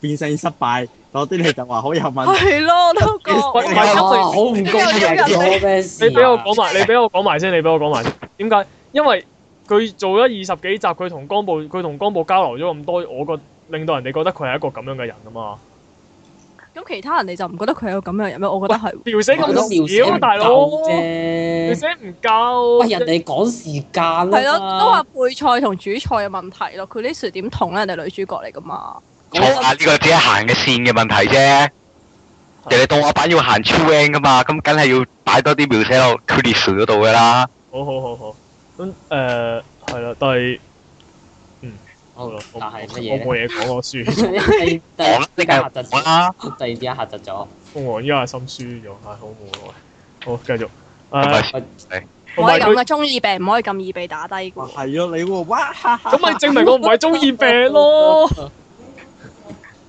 變性失敗，嗰啲你就話好
有問題係咯，都講，哇，好
唔公平，你俾我講埋，你俾
我講埋先，你俾我講埋。點解？因為佢做咗二十幾集，佢同江部佢同江部交流咗咁多，我個令到人哋覺得佢係一個咁樣嘅人啊嘛。
咁
其他人哋就唔覺得佢係一個咁樣人咩？我覺得係，
描寫咁多，描寫咁
多唔夠。人哋
趕時間啦。係咯，都話
配菜同主菜嘅問題咯。佢呢時點同人哋女主角嚟噶嘛？
坐下呢個只行嘅線嘅問題啫，人哋當動畫版要行超 N 噶嘛，咁梗係要擺多啲描寫喺 description 嗰度噶啦。好好好
好，咁誒係啦，但係
嗯好啦，我冇嘢講，我輸。講
啦，你繼續講
啦。突然之間核突咗。
鳳凰依家心輸咗，唉好冇啊，好繼續。唔可以咁啊！
中意病唔可以咁易被打低。
係啊，你喎哇！咁咪證明我唔係中意病咯。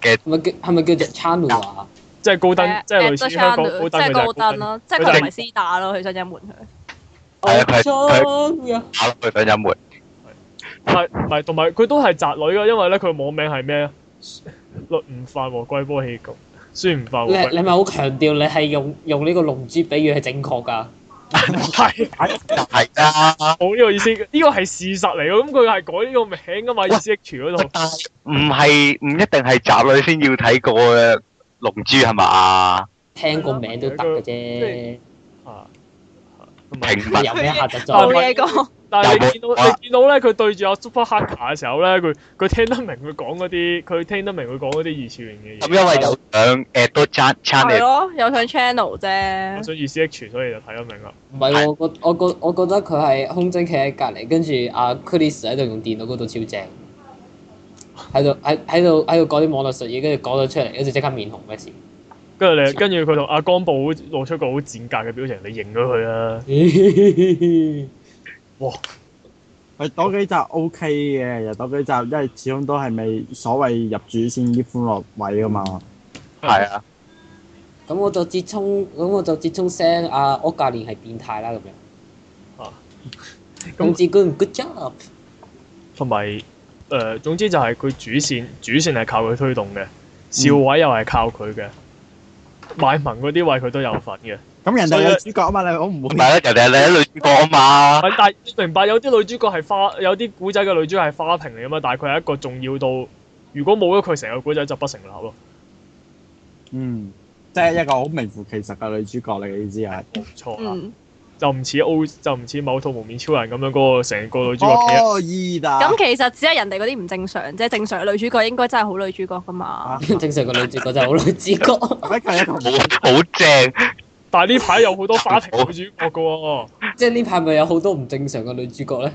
係咪叫係咪叫做？channel 啊？即係高登，是即係類似即係高登咯。即係佢唔係絲
打咯，佢想隱瞞佢。
我唔想呀。好，佢想隱
瞞。係，唔係同埋佢都係宅女啊，因為咧佢網名係咩啊？孫悟飯和龜波氣
局。孫悟飯。你你係咪好強調你係用用呢個龍珠比喻係正確噶？係啊，冇呢、 呢個意思，呢、呢個係
事實嚟咯。咁佢係改呢個名噶嘛，意思 H 嗰度。唔
係唔一定係
宅女先要睇個龍珠係嘛？
聽個名都得嘅啫。
明白。有咩吓？就做嘢但係你見到、嗯、你見到咧，佢、嗯、對住阿 Super Hacker 嘅時候咧，佢佢聽得明佢講嗰啲，佢聽得明佢講
嗰啲二次元嘅嘢。咁、嗯嗯、因為有上 ED Channel 係
咯，有上
Channel 啫。上 UCH 所以就睇得明啦。唔係喎，我我我覺得佢係空精企喺隔離，跟住阿 Chris 喺度用電腦嗰度超正，喺度喺喺度喺度講啲網絡術語，跟住講咗出嚟，跟住即刻面紅咩事？跟住你，跟住佢同阿江布露出個好
賤格嘅表情，你認咗佢啦。 哇！
佢多幾集 OK 嘅，又多幾集，因為始終都係未所謂入主線啲歡樂位㗎嘛。係、嗯、
啊。咁、嗯、我就接充，咁我就接充聲。啊。柯教練係變態啦咁樣。哦、啊。總之佢唔 good job。
同、嗯、埋，誒、呃，總之就係佢主線，主線係靠佢推動嘅，笑位又係靠佢嘅。嗯賣萌嗰啲位佢都有份嘅，
咁人哋係女主角啊嘛，你我唔會唔係咧，人哋係靚女主角啊嘛。
係，但係你明白有啲女主角係花，有啲古仔嘅女主角係花瓶嚟啊嘛，但係佢係一個重要到，如果冇咗佢成個古仔就不成立咯。嗯，即係一個好名副其實嘅女主角，你嘅意思係？係，唔錯啦。嗯就唔似歐，就唔似某套蒙面超人咁樣嗰個成個女主
角。哦，
二大、啊。咁
其實只係人哋嗰啲唔正常啫，正常嘅女主角應該真係好女主角噶嘛。
正常嘅女主角就係好女主角。一集冇好正，但係呢排有好多花瓶女主角嘅喎。即係呢排咪有好多唔正常嘅女主角咧。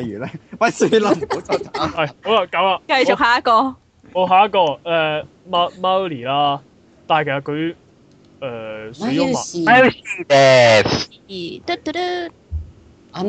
例如咧，喂，算啦，
唔好插好啦，咁啦，繼續下一個。我下一個誒，毛毛利啦，但係其實佢。誒，孫
勇、
呃、嘛？孫勇，death。嘟嘟嘟，你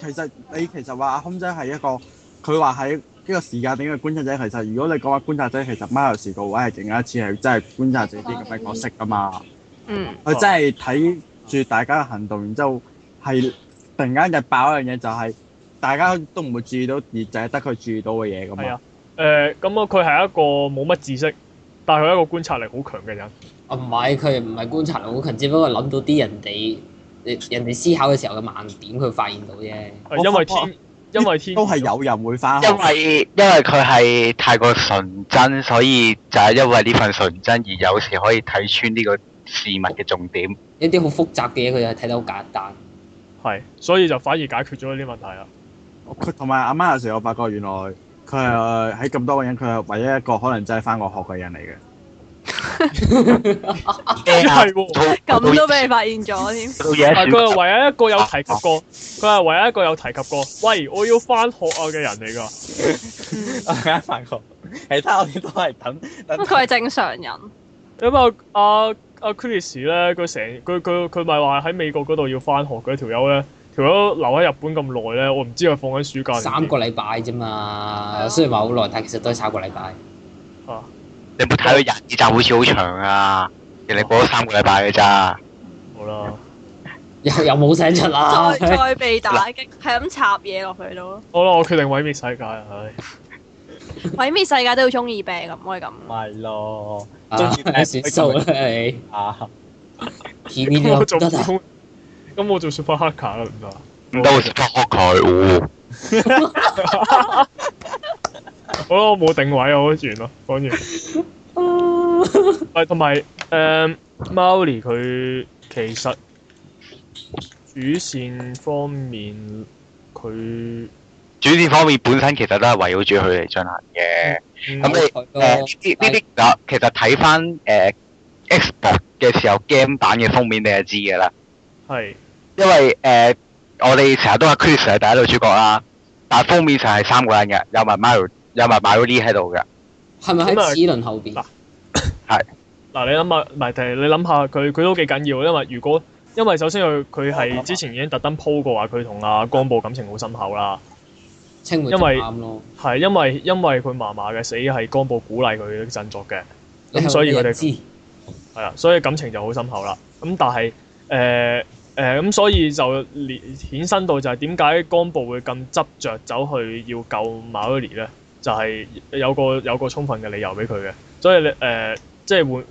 其實。你
其實話阿空姐係一個，佢話喺呢個時間點嘅觀察者，其實如果你講話觀察者，其實貓頭鷹個位係另一次係真係觀察者啲咁嘅角色噶嘛。
嗯。佢真係
睇住大家嘅行動，然之後係突然間就爆一樣嘢，就係大家都唔會注意到，而就係、是、得佢注意到嘅嘢噶嘛。嗯
誒咁啊！佢係、呃、一個
冇乜知識，但係佢係一個觀察力好強嘅人。啊唔係，佢唔係觀察力好強，只不過諗到啲人哋，人哋思考嘅時候嘅盲點，佢發現到啫。因為天，因為天都係有人會翻。因為
因為佢係太過純真，所以就係因為呢份純真而有時可以睇穿呢個事物嘅重點。
一啲好複雜嘅嘢，佢又睇得好簡單。係，所以就反而解決咗呢啲問題啦。
同埋阿媽有時我發覺，原來。佢係喺咁多個人，佢係唯一一個可能
真係翻過學嘅人嚟嘅
了。真係喎！
咁都俾你
發現咗添。佢係
唯一一個有提及過，佢係、啊啊、唯一一個有提及過。喂，我要翻學啊嘅人嚟㗎。唔係翻學，其、 嗯、他我哋都係等。佢
係正常人。
咁為阿阿 Chris 咧，佢成佢佢佢咪話喺美國嗰度要翻學，佢條友咧。除咗留喺日本咁耐咧，我唔知佢
放緊暑假。三,三個禮拜啫嘛，雖然話好耐但其實都係三個禮拜。
嚇、啊！你冇睇到人字站好似好長啊，其實過咗三個禮拜嘅咋。好
啦、啊。 又冇聲出啦、啊。再再被打擊，
係咁插嘢落去度。
好啦，我決定毀滅世界。唉，
毀滅世界都好中二病咁， 可
以咁。係咯， 中二
病選
咁我，我就 Super Hacker 唔得？唔
得，我做 Black Hacker。
好啦，我冇定位，我好完咯，講完。係同埋誒，Molly 佢其實主線方面佢
主線方面本身其實都係圍繞住佢嚟進行
嘅。咁、嗯、你誒
呢啲呢其實睇翻誒 Xbox 嘅時候 Game 版嘅封面，你就知嘅啦。係。因為誒、呃，我哋成日都話 Chris 係第一女主角啦，但封面成係三個人嘅，有埋 Maru，有埋 Barry 喺度嘅，係咪
喺齒輪後邊？係嗱，你諗下，唔係，你諗下佢，佢都幾緊要。因為如果，因為首先佢佢係之前已經特登鋪過話佢同阿江布感情好深厚啦，因為係因為因為佢嫲嫲嘅死係江布鼓勵佢振作嘅，咁所以佢哋係啊，所以感情就好深厚啦。咁但係誒。呃誒咁、嗯、所以就衍生到就係點解幹部會咁執着走去要救馬奧尼咧？就係、是、有個有個充分嘅理由俾佢嘅，所以你誒、呃、即係會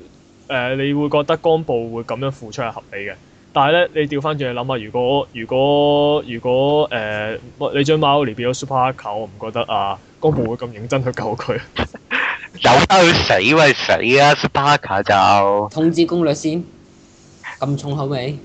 誒你會覺得幹部會咁樣付出係合理嘅。但係咧，你調翻轉去諗下，如果如果如果誒、呃、你將馬奧尼變咗 Super Car，我唔覺得啊，幹部會咁認真去救佢。
有得
佢死喂死啊！Super Car 就統治攻略先，咁重口味。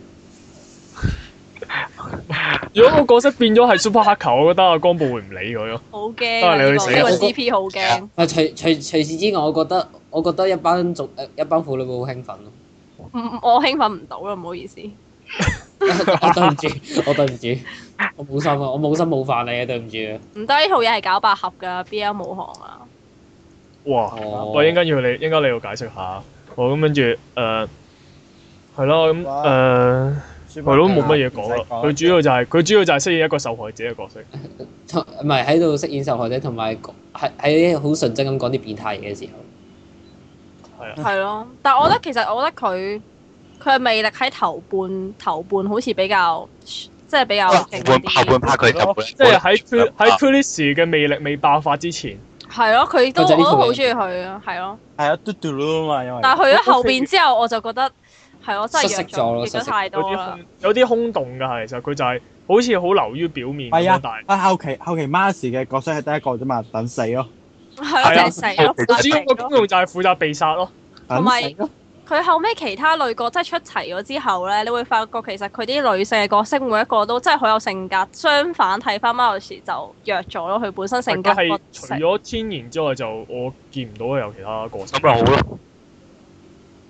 如果個角色變咗係 Super 黑球，我覺得阿江布會唔理佢咯。好驚，都
係你去死，因為 CP 好驚。除
除除此之外，我覺得我覺得一班族一班婦女會好興奮咯。
我興奮唔到咯，唔好意思。
我對唔住，我對唔住，我冇心啊，我冇心冒犯你啊，對唔住。
唔得，呢套嘢係搞百合㗎，BL 冇行啊。哇！
喂，
我應該要你，應該你要解釋下。好，跟住誒，係、呃、咯，咁誒。哇
我都冇乜嘢講啦。佢主
要就係、是、佢主要就係飾演一個受害者嘅角
色，唔係喺度飾演受害者同埋講喺好純真咁講啲變態嘢嘅時候，係、嗯、啊，
係咯。但係我覺得其實我覺得佢佢嘅魅力喺頭半頭半好似比較即係比較勁、啊、半，下半 part 佢係特別，即係喺
喺 Kulish 嘅魅力未爆發之前，
係咯，佢都我都好中意佢啊。係咯，係
啊嘟嘟 d 啊嘛，因為但係去咗後邊
之後，我就覺得。係、嗯、我真係弱咗，弱
咗太多啦，有啲空洞噶。其實佢就係好似好流於表面咁樣，啊、但係、啊、後
期後期馬斯嘅角色係得一個啫嘛，等死咯。
係啊，等死咯！主要個功
用就係負責被殺咯。同埋
佢後尾其他女角即係出齊咗之後咧，你會發覺其實佢啲女性嘅角色每一個都真係好有性格。相反睇翻馬斯就弱咗咯，佢本身性格不成熟，除
咗天然之外，就我見唔到有其他角色不過好咯。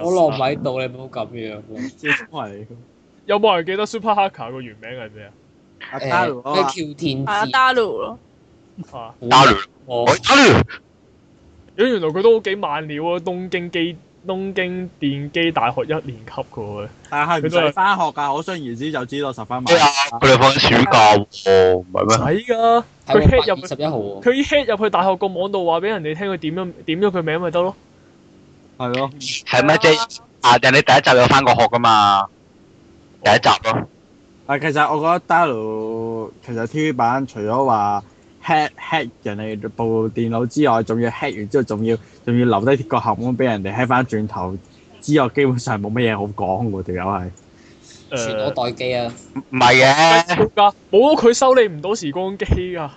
我落唔喺度，你唔好咁樣，最中意。
有冇人記得 Super Hacker 個原名係咩、欸、啊？
阿 Dalu，阿橋田
Dalu 咯。啊我 Dalu 原來佢都幾慢了啊！東京機，東京電機大學一年級嘅。都但係唔使翻學噶，可想而知就知道十分慢。佢哋放暑假喎，
唔係咩？係啊，佢
hack 入十一號，佢 hack 入去大學個網度，話俾人哋聽佢點樣點咗佢名咪得咯。
係咯，係咩啫？啊，人哋第一集有翻過學噶嘛？第一集咯。
啊，其實我覺得戴魯其實 T V 版除咗話 hack hack 人哋部電腦之外，仲要 hack 完之後仲要仲要留低個後門俾人哋 hack 翻轉頭之外，基本上係冇乜嘢好講噶喎，條友係。全裸
待機啊！唔係嘅，冇佢收你唔到時光機噶。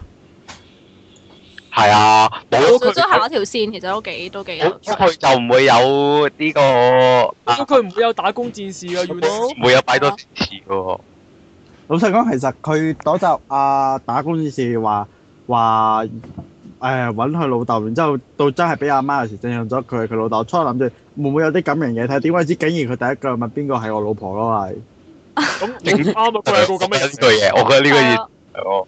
係啊，保佢行咗下一
條線，其實都幾都幾有
趣。佢就
唔會有呢、這個，佢唔、啊、會有打工戰士啊？如果唔會有擺多戰士嘅？
老實講，其實佢嗰集阿打工戰士話話誒揾佢老豆，然之後到真係俾阿媽有時正向咗佢佢老豆。爸爸初諗住會唔會有啲咁樣嘢睇？點鬼知竟然佢第一句問邊個係我老婆咯？係
咁啱啊！佢係個咁嘅對嘢，我覺得呢個係。
Uh,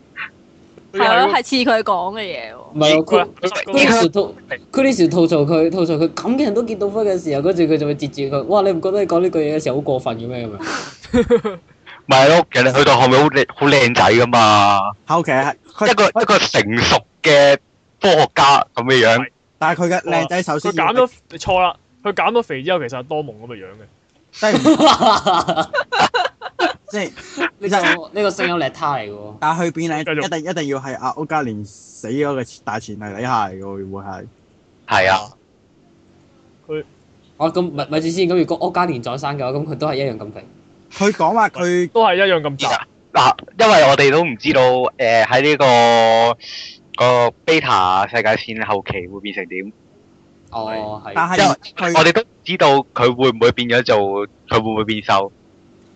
係
咯，係
似佢講嘅嘢喎。唔係喎佢佢吐，佢吐槽佢，吐槽佢咁嘅人都結到婚嘅時候，跟住佢就會截住佢。哇，你唔覺得你講呢句嘢嘅時候好過分嘅咩咁樣？
唔係咯，其實佢到後面好靚，好靚仔噶嘛。後期係一個一個成熟嘅科學家咁嘅樣。但係佢嘅靚仔首先佢減咗，
錯啦，佢減咗肥之後其實多夢咁嘅樣嘅。
即係，你就呢個聲音邋遢嚟嘅喎。但係去變靚，一定一定要係阿歐嘉蓮
死咗嘅大前提底下嚟嘅，會唔會係？係啊。佢，我咁咪咪，唔住先。咁如果歐嘉蓮再生嘅話，咁佢都係一樣咁肥。佢講話佢都係一樣咁肥。嗱，
因為我哋都唔知道誒喺呢個、嗰個 Beta 世界線後期會變成點。哦。係、但
係、因為、
我哋都知道佢會唔會變咗做？佢會唔會變瘦？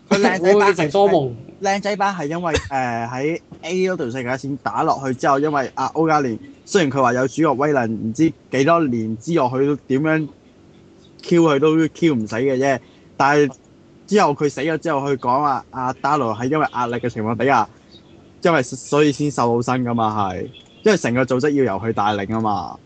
佢靚仔班成多夢，靚仔班係因為誒喺、呃、A 嗰度世界線打落去之後，因為阿歐嘉蓮雖然佢話有主角威能，唔知幾多年之後佢都點樣 Q 佢都 Q 唔死嘅啫。但係之後佢死咗之後，佢講話阿 d 戴洛係因為壓力嘅情況底下，因為所以先瘦到身噶嘛，係因為成個組織要由佢帶領啊嘛，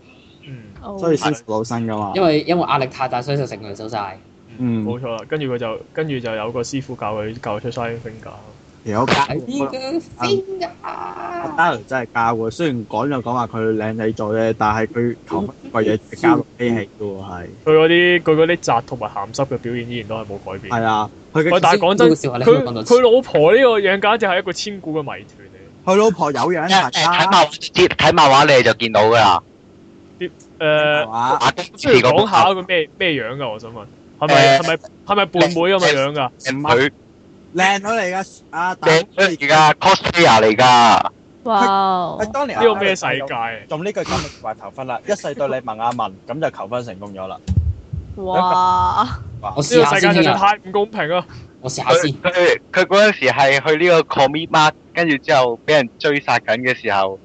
嗯哦、所以先瘦到身噶嘛。因為
因為
壓力太大，所以就成個人瘦晒。嗯錯，冇錯啦。跟住佢就，跟住就有個師傅教佢教佢出 Shining Finger okay，
啊。有 e r 阿龍真係教喎，雖然講就講話佢靚仔在咧，但係佢求乜鬼嘢教機器噶喎係。
佢嗰啲佢嗰啲雜同埋鹹濕嘅表現，依然都係冇改變。係啊，啊，但係講真，佢老婆呢個樣簡直係一個千古嘅謎團嚟。佢老婆有樣睇漫
畫，睇漫畫你哋就見到噶啦。
啲誒，講下個咩咩樣噶，我想問。係咪係咪係咪半妹咁嘅樣噶？佢靚女嚟噶，
啊
大！
即係而家 cosplayer 嚟噶。哇！係當
年呢
個咩世界？用呢句金玉怪求婚啦，一世對你問啊問，咁就求婚成功咗啦。
哇！
我呢個世界
太
唔公平啊！我試下先。佢嗰陣時係去呢個 Comi Mark，跟住之後俾人追殺緊嘅時候，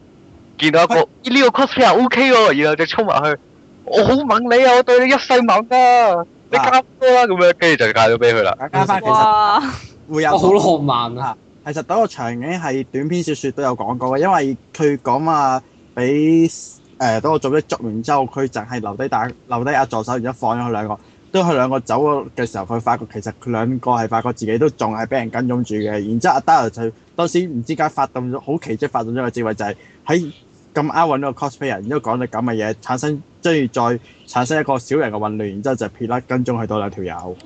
見到一個呢個 cosplayer O K 喎，然後就衝埋去，我好問你啊，我對你一世問噶！你加多啦咁樣，跟住就嫁咗俾佢啦。加翻，其實哇會有好
浪漫吓、啊。其實嗰個場景係短篇小說都有講過嘅，因為佢講啊，俾誒嗰個組織捉完之後，佢就係留低，留低阿助手，然之後放咗佢兩個。當佢兩個走咗嘅時候，佢發覺其實佢兩個係發覺自己都仲係俾人跟蹤住嘅。然之後阿、啊、達就當時唔知點解發動咗，好奇蹟發動咗個智慧、就是，就係喺。咁啱揾到個 cosplayer，然之後講咗咁嘅嘢，產生即係再產生一個小型嘅混亂，然之後就撇甩跟蹤去到兩條友。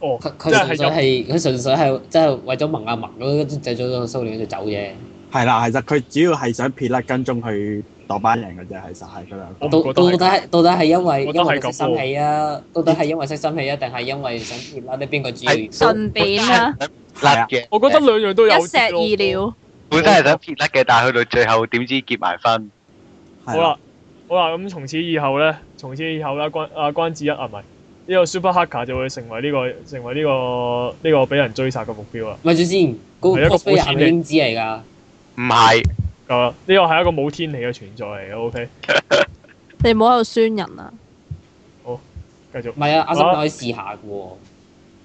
哦，佢純粹係佢純粹係即係為咗萌下萌咯，製造咗個騷亂就走啫。係啦，其實佢主要係想撇甩跟蹤去當班人嘅啫，其實係咁樣。到到底係到底係因為因為識心氣啊？到底係因為識心氣啊？定係因為想撇甩咧？邊個主？新變啊！辣嘅，我覺得兩樣都有。一石二鳥。本身係想撇甩嘅，但係去到最後
點知結埋婚。好啦
了，的好啦，咁從此以後咧，從此以後啦，關啊關智一啊，唔係呢個 Super Hacker 就會成為呢、這個成為呢、這個呢、這個俾人追殺嘅目標啊。咪住先，
嗰個 p r 子
嚟噶，唔係啊呢個係一個冇是天理嘅存在嚟嘅。O、okay? K，
你唔好喺度酸人啊。好，
繼續。唔係啊，阿叔可以試下噶。啊啊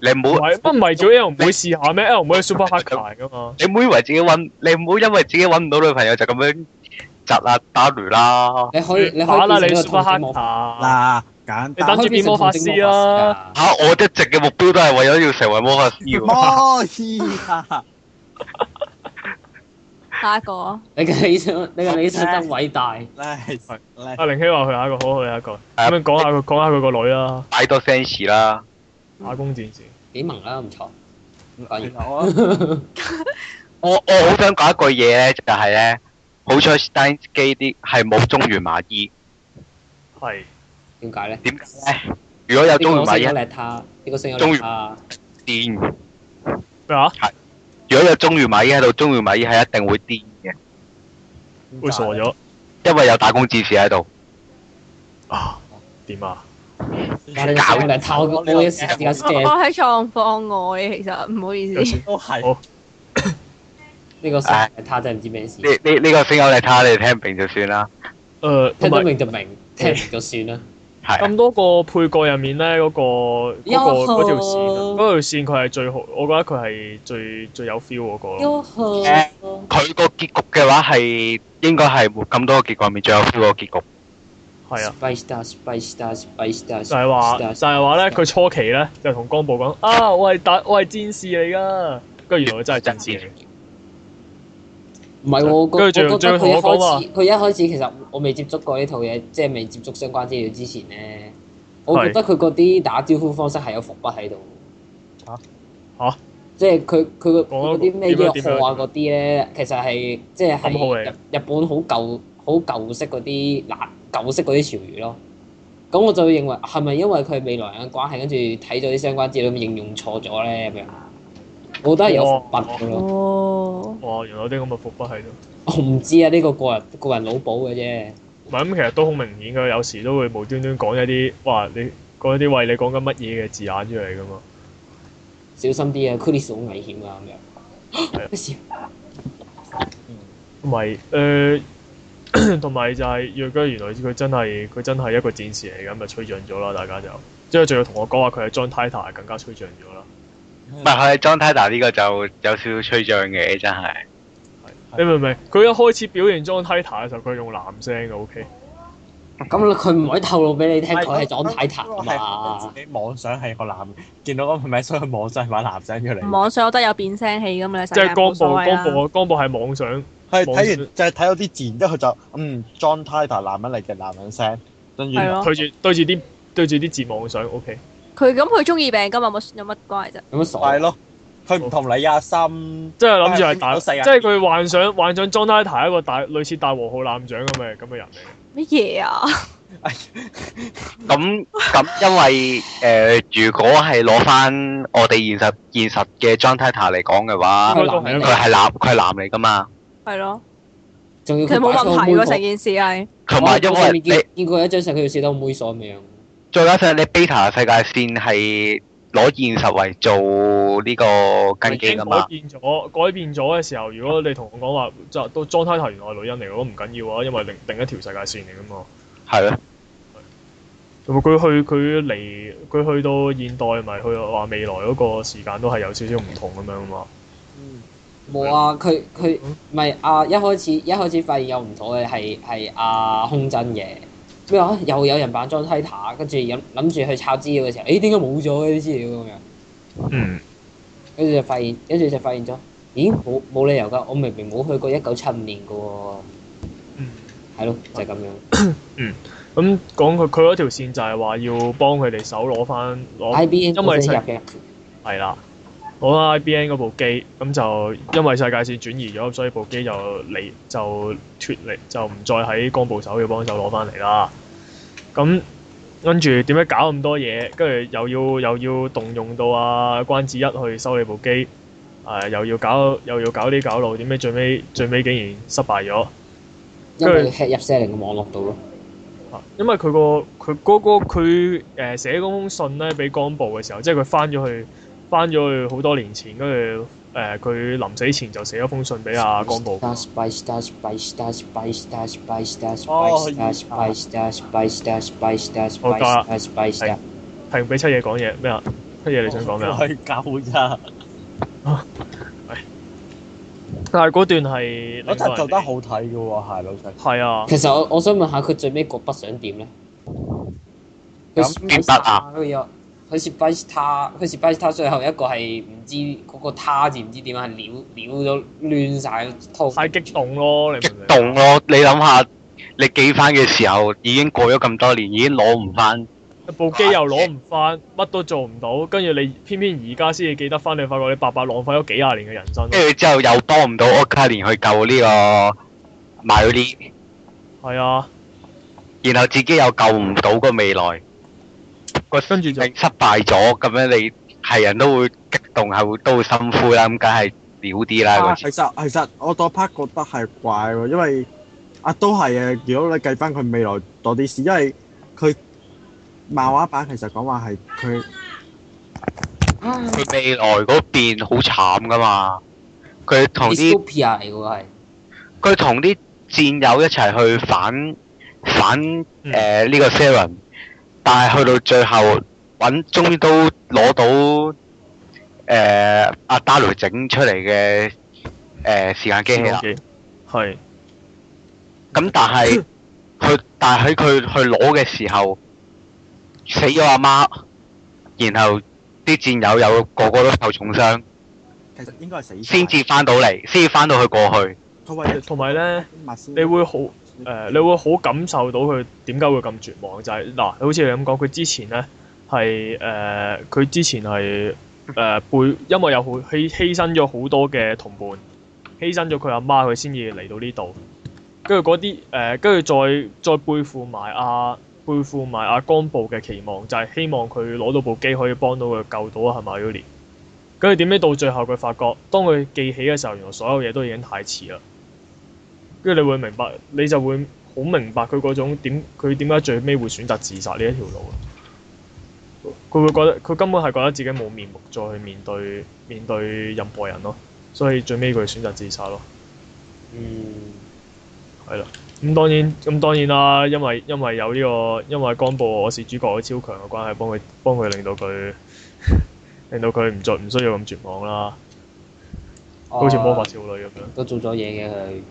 你唔好，唔係，不唔係做 L 唔好試
下咩？L 唔可 super hacker 噶嘛？ 你唔好以為自己揾，你唔好因為自己揾唔到女朋友就咁樣窒啊打雷啦！你可以，你可以打啦，你 super hacker 嗱，簡你等住變魔法師咯吓！我一直嘅目標都係為咗要成為魔法師。魔法師下一個， 你嘅
理想，你
嘅理想真偉大。阿玲、啊、希話佢下一個好，佢下一個咁樣講下佢，講下佢個女、啊、啦，擺多 fans 啦，打工戰士。
幾萌啦，唔錯。然後 我我我好想講一句嘢咧，就係、是、咧，好彩 Steins;Gate 啲係冇中原麻衣。係是。點解咧？點解咧？如果有中原麻衣，
我升啊！
癲。咩啊？係。如果有中原麻衣喺度，中原麻衣係一定會癲嘅。會
傻
咗。為
因為有打工智士喺度。啊？點啊？
我喺
狀況外，其實唔好意思。都係呢個誒，睇
真係唔知咩事。呢呢呢個聲音嚟，睇
你哋聽唔明就算啦。誒，聽
得明就明，
聽唔明
就算啦。係。咁多個
配角入面咧，嗰個嗰個嗰條線，嗰條線佢係最好，我覺得佢係最最有 feel 嗰個。佢個結局嘅話係應該係冇咁多個結局入面最有 feel 個結局。
係啊，就係話，就係話咧，
佢初期咧就同幹部講：
啊，我係打，我係戰士嚟㗎。跟
住原來真係戰士嚟嘅。唔係喎，跟住仲最可惡，
佢一開始，其實我未接觸過呢套嘢，即係未接觸相關資料之前
咧，我覺得
佢嗰啲打招呼方式係有伏筆喺度。嚇嚇！即係佢佢嗰啲咩藥罐嗰啲咧，其實係即係係日本好舊好舊式嗰啲嗱。舊式嗰啲潮語咯，咁我就會認為係咪因為佢係未來人嘅關係，跟住睇咗啲相關資料咁應用錯咗咧咁樣？哦哦、我覺得係有伏筆嘅咯。
哇、哦，原來有啲咁嘅伏筆喺度。
我唔知啊，呢、呢個個
人個人腦補嘅啫。唔係咁，其實都好明顯嘅，有時都會無端端講一啲哇，你講一啲餵你講緊乜嘢嘅字眼出嚟㗎嘛。小心啲啊，Chris 好危險㗎咁樣。咩 事的？唔係誒。呃同埋 就係若哥，原來佢真係佢真係一個戰士嚟，咁咪吹漲咗啦。大家就即係仲要同我講話佢係 John Titor，更加吹漲咗啦。
唔係佢係 John Titor 呢個就有少少吹漲嘅，真係的。你
明唔明？佢一開始表現 John Titor 嘅時候，佢用男聲嘅。O K。咁佢唔可以透露俾你聽，佢係 John Titor 啊嘛。自己網上係個男，見到嗰個名所以網上玩男聲出嚟。
網上我覺得有變聲器咁樣。即係江部，江、啊、部，
江部係網上。係睇完就係睇到啲字，然之後佢就嗯 John Titor 男人嚟嘅男人聲，跟住對住了對住啲對住
啲字幕嘅相，OK。
佢咁佢中意病㗎嘛？有乜有乜關係啫？咁
咪傻咯！佢唔同你亞、啊、心，即係諗住係大即係佢幻想幻想 John Titor 一個大類似大和號艦長嘅咁嘅人嚟。乜嘢麼啊？咁
咁、哎、因為誒、呃，如果係攞翻我哋現實現實嘅 John Titor 嚟講嘅話，佢係男佢男嚟㗎嘛？係咯，要妹妹其
實冇問題喎，成件事係。同埋有因為我見你見過一張成件事都到妹所名。
再加上你 Beta 世界線係攞現實嚟做呢個根基㗎嘛，改。改
變咗改變咗嘅時候，如果你同我講話就到裝胎頭原來女人嚟，我都唔緊要啊，因為另另一條世界線嚟㗎嘛。係啊的，同埋佢去佢嚟佢去到現代咪去話未來嗰個時間都係有少少唔同咁
樣啊嘛。冇啊！佢佢唔係啊！一開始一開始發現有唔妥嘅係係啊空真嘅咩話？又有人扮裝梯塔，跟住諗住去抄資料嘅時候，誒，點解冇咗呢啲資料咁樣？嗯，跟住就發現，跟住就發現咗，咦，冇冇理由㗎！我明明冇去過一九七五年嘅喎，啊，嗯，係咯，就係、是、咁樣。嗯，咁講佢佢嗰條線就係話要
幫佢哋手攞翻攞，因為係 I bn 入嘅，係啦。好啦 IBM 嗰部機咁就因為世界線轉移咗，所以部機就離就脱離就唔再喺江部手嘅幫手攞翻嚟啦。咁跟住點解搞咁多嘢？跟住又要又要動用到啊關子一去修理部機，誒、呃、又要搞又要搞啲搞路，點解最尾最尾竟然失敗咗？
因為吃入 SERN 嘅網絡度咯。
因為佢、個佢嗰個佢誒寫嗰封信咧，俾江部嘅時候，即係佢翻咗去。翻咗去好多年前，跟住誒佢臨死前就寫咗封信俾阿、啊、江
部。啊、哦。俾、哎、七嘢講嘢咩啊？七嘢你想講咩？
夠啦 、
哎。但係嗰段係，嗰集做得好睇嘅喎，係老細。係啊。其實我我想問下佢最尾個筆想點咧？有記得啊。佢似巴斯他，佢似巴斯他。最後一個係唔知嗰個他字唔知點樣，了了咗亂晒套。太激動咯！你激
動咯！你諗下，你記翻嘅時候已經過咗咁多年，已經攞唔翻。
部
機又攞唔翻，乜都做唔到。跟住你偏偏而家先至記得翻，你發覺你白白浪費咗幾廿年嘅人生。
跟住之後又幫唔到奧卡連去救呢、這個馬爾利。
係啊。
然後自己又救唔到個未來。個跟住就失敗咗，咁樣你係人都會激動，係會都會心灰啦，咁梗係屌啲啦。
其實其實我多 part 覺得係怪喎，因為啊都係啊，如果你計翻佢未來多啲事，因為佢漫畫版其實講話係佢
佢未來嗰邊好慘噶嘛，佢同啲，Superior 嚟喎係，佢同啲戰友一齊去反反誒呢個 Seren。但係去到最後揾，終於都攞到，誒阿 Darryl 整出嚟嘅誒時間機器啦。係。咁但係，佢但係喺佢去攞嘅時候，死咗阿媽，然後啲戰友有個個都受重傷。
其實應該係死先至翻到嚟，
先至翻到去過去。
同埋，同埋咧，你會好。誒、呃，你會好感受到佢點解會咁絕望，就係、是、嗱、呃，好似你咁講，佢之前咧係誒，佢、呃、之前係誒、呃、背，因為有好犧犧牲咗好多嘅同伴，犧牲咗佢阿媽，佢先至嚟到呢度，跟住嗰啲誒，跟、呃、住再再，再背負埋阿背負埋阿江部嘅期望，就係、是、希望佢攞到部機可以幫到佢救到啊，係咪，Yuni？跟住點知到最後佢發覺，當佢記起嘅時候，原來所有嘢都已經太遲啦。跟住你會明白，你就會好明白佢嗰種點，佢點解最尾會選擇自殺呢一條路，佢會覺得佢根本係覺得自己冇面目再去面對面對任何人咯，所以最尾佢選擇自殺咯。嗯。嗯。係啦，咁當然咁、嗯、當然啦，因為因為有呢、這個因為幹部我是主角超強嘅關係，幫佢幫佢令到佢 令到佢唔再唔需要咁絕望啦。
啊、好似魔法少女咁樣。都做咗嘢嘅佢。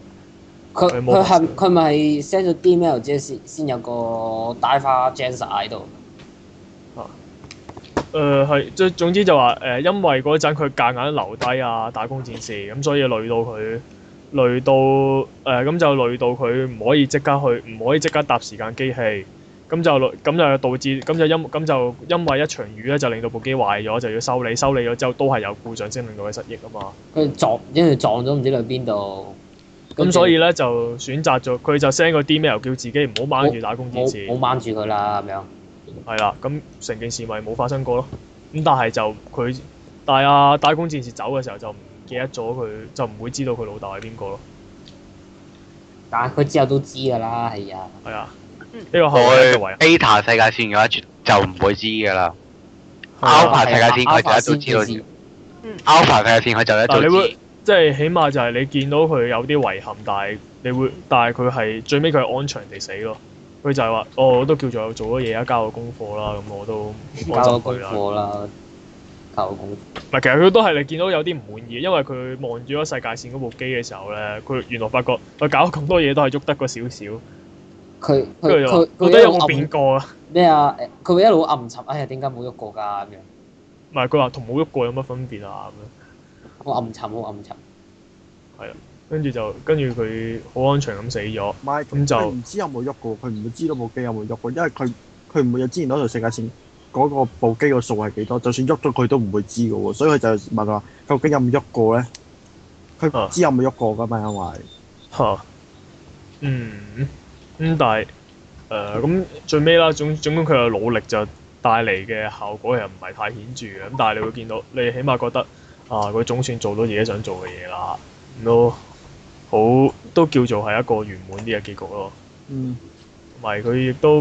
佢佢係佢咪 send 咗 email 之後先先有個大花 James 喺度。
誒係、啊，總、呃、總之就話誒、呃，因為嗰陣佢夾硬留低啊打工戰士，咁所以累到佢累到誒，咁、呃、就累到佢唔可以即刻去，唔可以即刻搭時間機器。咁就咁就導致，咁就因，咁就因為一場雨咧，就令到部機壞咗，就要修理，修理咗之後都係有故障先令到佢失憶
啊嘛。佢撞，因為撞咗唔知去邊度。咁、嗯、所以
咧就選擇咗佢就 send 個 D-mail 叫自己唔好掹住打工戰士唔好掹住佢啦咁樣。係啦，咁成、嗯、件事咪冇發生過咯。咁但係就佢，但係阿打工戰士走嘅時候就唔記得咗佢，就唔會知道佢老豆係邊個咯。但係佢之後
都知㗎啦，係啊。係啊。呢、這個係
Beta 世界線嘅話，這個、就唔會知㗎啦。Alpha 世界線佢就一早知道。Alpha 世界線佢就一早知
即係起碼就係你見到佢有啲遺憾，但係你會，但係佢係最尾佢係安詳地死咯。佢就係話：哦，我都叫做做咗嘢，交咗功課啦，咁、嗯、我都交咗功課啦，那交咗功。唔係，其實佢都係你見到有啲唔滿意，因為佢望住咗世界線嗰部機嘅時候咧，佢原來發覺佢搞咁多嘢都係喐得嗰少少。
佢佢佢覺得有冇變過啊？咩啊？佢會一路暗沉。哎呀，點解冇喐過㗎？咁樣。唔係，佢話同冇喐過有乜分別啊？
好暗沉，好暗沉。係啊，跟住就跟住佢好安詳咁死咗。咁不就
唔知有冇喐過，佢唔會知道部機有冇喐過，因為佢佢唔會有之前攞條世界線嗰個部機個數係幾多，就算喐咗佢都唔會知嘅喎，所以佢就問話究竟有冇喐過咧？佢知有冇喐過㗎嘛，因為嚇嗯咁、
嗯、但係誒咁最尾啦，總總之佢嘅努力就帶嚟嘅效果又唔係太顯著嘅，咁但係你會見到你起碼覺得。啊！佢總算做到自己想做嘅嘢啦，都好都叫做係一個圓滿啲嘅結局咯。
同
埋佢亦都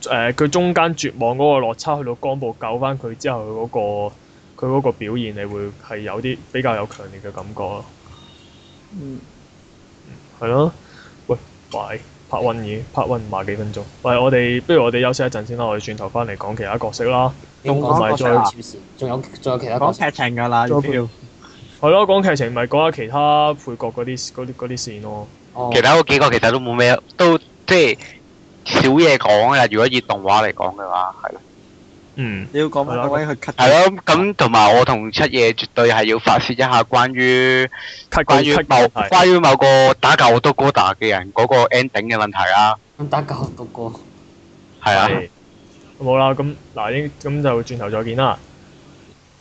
誒，佢、呃、中間絕望嗰個落差，去到幹部救翻佢之後，佢嗰、個佢嗰個表現，你會係有啲比較有強烈嘅感覺咯。嗯。嗯。係咯。喂，
喂。
1> 拍運已經拍運埋幾分鐘，唔，我哋不如我哋休息一陣先啦，我哋轉頭翻嚟講其他角色啦，仲、啊、有仲有其他角色講劇情噶啦，要係咯，講劇情咪講下其他配角嗰啲啲啲線咯。哦、其他嗰幾個
其實都冇咩，都即係少嘢講嘅。如果以動畫嚟講嘅話，係。嗯，你要講咪、嗯、啦，關於 cut 咗。係咯那，咁同埋我同七夜絕對係要發洩一下關於 cut 關於某關於某個打架好多高達嘅人嗰個 ending 嘅問題啊。
咁打
架嗰個係啊，好啦，咁嗱，依咁就轉頭再見啦。